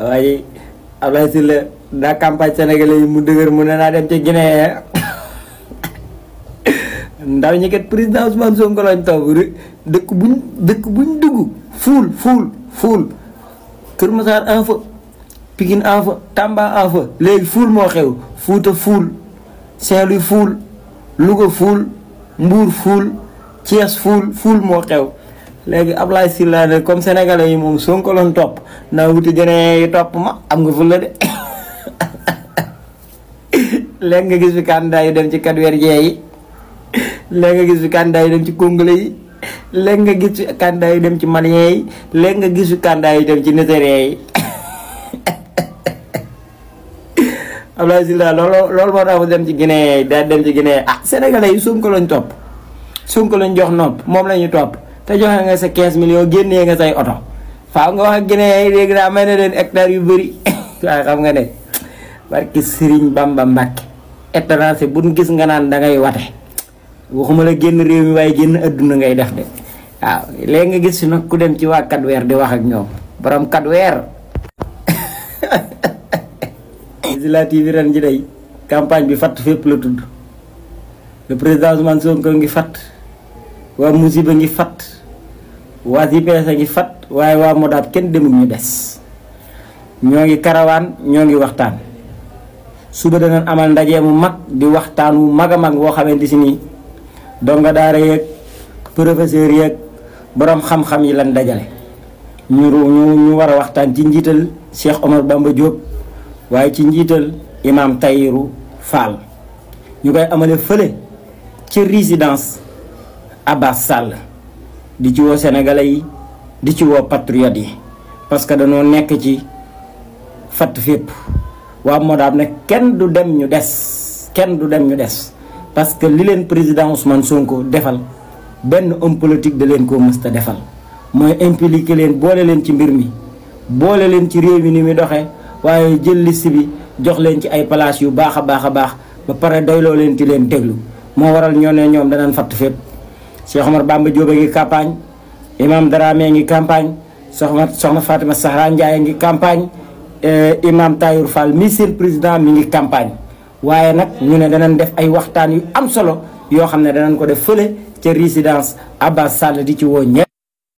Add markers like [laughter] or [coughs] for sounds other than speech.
भाई आपल्या सिल दहा कांपाच्या नाही muna मुंडगर म्हणून आड्यांचे घेणे ndaw ñi kat président Ousmane Sonko lañ taw dekk buñ dekk buñ dugg ful ful ful Kër Massar en fa Pikine en fa Tamba en fa full, ful moo xew Fouta ful Saint full ful Louga ful Mbour ful Thiès ful ful moo léegi Ablaye Sylla ne comme sénégalais yi moom Sonko loon topp naa wuti jeneen yi topp ma am nga fulla de [laughs] léegi nga gis fi candidat yi dem ci katweer yi léegi nga gis fi candidat yi dem ci congolais yi léegi nga gis fi candidat yi dem ci malien yi léegi nga gis fi candidat yi dem ci nigérien yi [laughs] Ablaye Sylla loolu loolu dem ci Guinée yi daal dem ah, yi Sonko lañ topp lañ jox nopp moom lañuy ñu topp te joxe nga sa 15 millions génnee nga say oto faaw nga wax ak Guinée yi léegi daa may na leen hectare yu bëri waaye xam nga ne barki Serigne Bamba Mbacke étranger buñ gis nga adu da ngay wate waxuma la génn réew mi waaye génn adduna ngay def de waaw léegi nga gis si nag ku dem ci waa kat weer di wax ak ñoom borom kat [coughs] ji day campagne bi la tudd le président Ousmane Sonko ngi fatt waa musiba ngi waa GPS a ngi fat waaye waa Modab kenn demul ñu des ñoo karawan karawaan ñoo ngi waxtaan suba danañ amal ndaje mu mag di waxtaan wu mag a mag woo xamante si nii donga daara yeeg professeur borom xam-xam yi lan dajale ñu ñu ñu war waxtaan ci njiital Cheikh Omar Bamba Diop waaye ci imam Tayiru Fall ñu koy amale fële ci résidence Abbas Sall di ci woo sénégalais yi di ci woo patriotes yi parce que dañoo nekk ci fatt fépp waa moo daam ne kenn du dem ñu des kenn du dem ñu des parce que li leen président Ousmane Sonko defal benn homme politique da leen ko mësta defal mooy impliqué leen boole leen ci mbir mi boole leen ci réew mi ni muy doxee waaye jël liste bi jox leen ci ay place yu baax a baax a baax ba pare doyloo leen ci leen déglu moo waral ñoo ne ñoom danaan fatt fépp Cheikh Omar Bamba Diop ngi campagne dara Dramé ngi campagne soxna soxna Fatima Sahra Ndiaye ngi campagne eh, imam Tayour Fall mi président mi ngi campagne waaye nag ñu ne danañ def ay waxtaan yu am solo yoo xam ne danañ ko def fële ca résidence Abbas Sall di ci woo ñëpp